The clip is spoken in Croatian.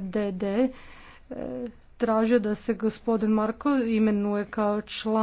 DD e, tražio da se gospodin Marko imenuje kao član